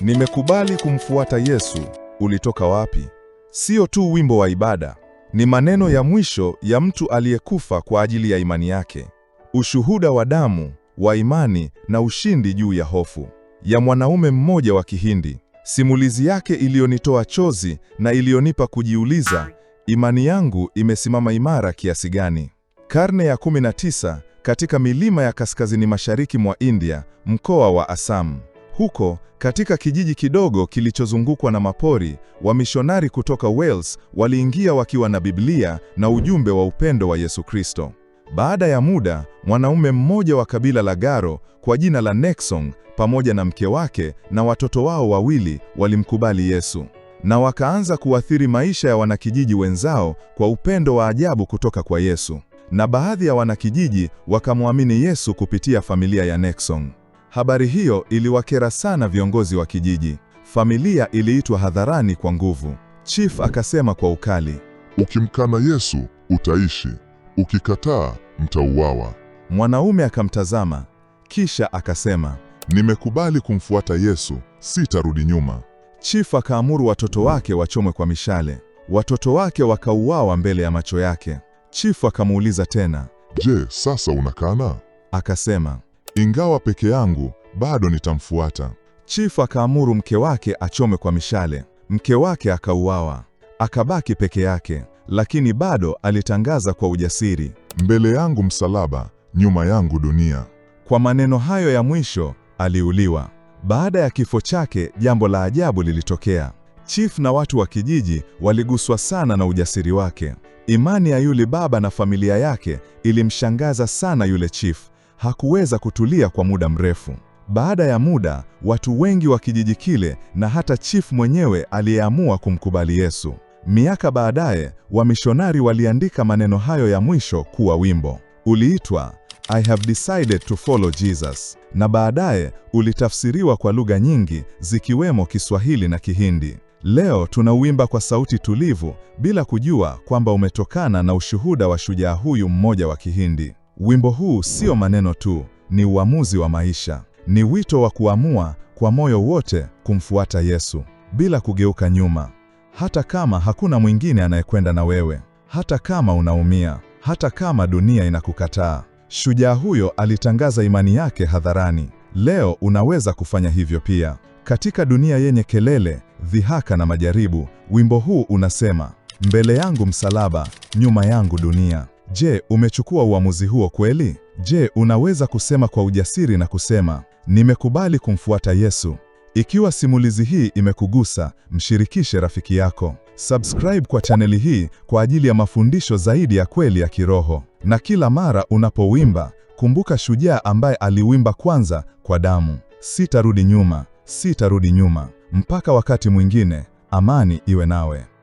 nimekubali kumfuata Yesu ulitoka wapi? Sio tu wimbo wa ibada, ni maneno ya mwisho ya mtu aliyekufa kwa ajili ya imani yake, ushuhuda wa damu wa imani na ushindi juu ya hofu ya mwanaume mmoja wa Kihindi. Simulizi yake iliyonitoa chozi na iliyonipa kujiuliza, imani yangu imesimama imara kiasi gani? Karne ya 19 katika milima ya kaskazini mashariki mwa India, mkoa wa Assam. Huko katika kijiji kidogo kilichozungukwa na mapori, wamishonari kutoka Wales waliingia wakiwa na Biblia na ujumbe wa upendo wa Yesu Kristo. Baada ya muda, mwanaume mmoja wa kabila la Garo kwa jina la neksong pamoja na mke wake na watoto wao wawili walimkubali Yesu na wakaanza kuathiri maisha ya wanakijiji wenzao kwa upendo wa ajabu kutoka kwa Yesu. Na baadhi ya wanakijiji wakamwamini Yesu kupitia familia ya Nexong. Habari hiyo iliwakera sana viongozi wa kijiji. Familia iliitwa hadharani kwa nguvu. Chief akasema kwa ukali, ukimkana Yesu utaishi, ukikataa mtauawa. Mwanaume akamtazama kisha akasema, nimekubali kumfuata Yesu, sitarudi nyuma. Chief akaamuru watoto wake wachomwe kwa mishale. Watoto wake wakauawa mbele ya macho yake. Chief akamuuliza tena, je, sasa unakana? Akasema, ingawa peke yangu, bado nitamfuata. Chifu akaamuru mke wake achome kwa mishale. Mke wake akauawa, akabaki peke yake, lakini bado alitangaza kwa ujasiri, mbele yangu msalaba, nyuma yangu dunia. Kwa maneno hayo ya mwisho aliuliwa. Baada ya kifo chake, jambo la ajabu lilitokea. Chifu na watu wa kijiji waliguswa sana na ujasiri wake. Imani ya yule baba na familia yake ilimshangaza sana yule chifu, hakuweza kutulia kwa muda mrefu. Baada ya muda, watu wengi wa kijiji kile na hata chifu mwenyewe aliyeamua kumkubali Yesu. Miaka baadaye, wamishonari waliandika maneno hayo ya mwisho kuwa wimbo. Uliitwa I have decided to follow Jesus, na baadaye ulitafsiriwa kwa lugha nyingi zikiwemo Kiswahili na Kihindi. Leo tunauimba kwa sauti tulivu bila kujua kwamba umetokana na ushuhuda wa shujaa huyu mmoja wa Kihindi. Wimbo huu sio maneno tu, ni uamuzi wa maisha. Ni wito wa kuamua kwa moyo wote kumfuata Yesu bila kugeuka nyuma, hata kama hakuna mwingine anayekwenda na wewe, hata kama unaumia, hata kama dunia inakukataa. Shujaa huyo alitangaza imani yake hadharani. Leo unaweza kufanya hivyo pia. Katika dunia yenye kelele, dhihaka na majaribu, wimbo huu unasema, mbele yangu msalaba, nyuma yangu dunia. Je, umechukua uamuzi huo kweli? Je, unaweza kusema kwa ujasiri na kusema, nimekubali kumfuata Yesu? Ikiwa simulizi hii imekugusa, mshirikishe rafiki yako. Subscribe kwa chaneli hii kwa ajili ya mafundisho zaidi ya kweli ya kiroho. Na kila mara unapowimba, kumbuka shujaa ambaye aliwimba kwanza kwa damu. Sitarudi nyuma, sitarudi nyuma. Mpaka wakati mwingine, amani iwe nawe.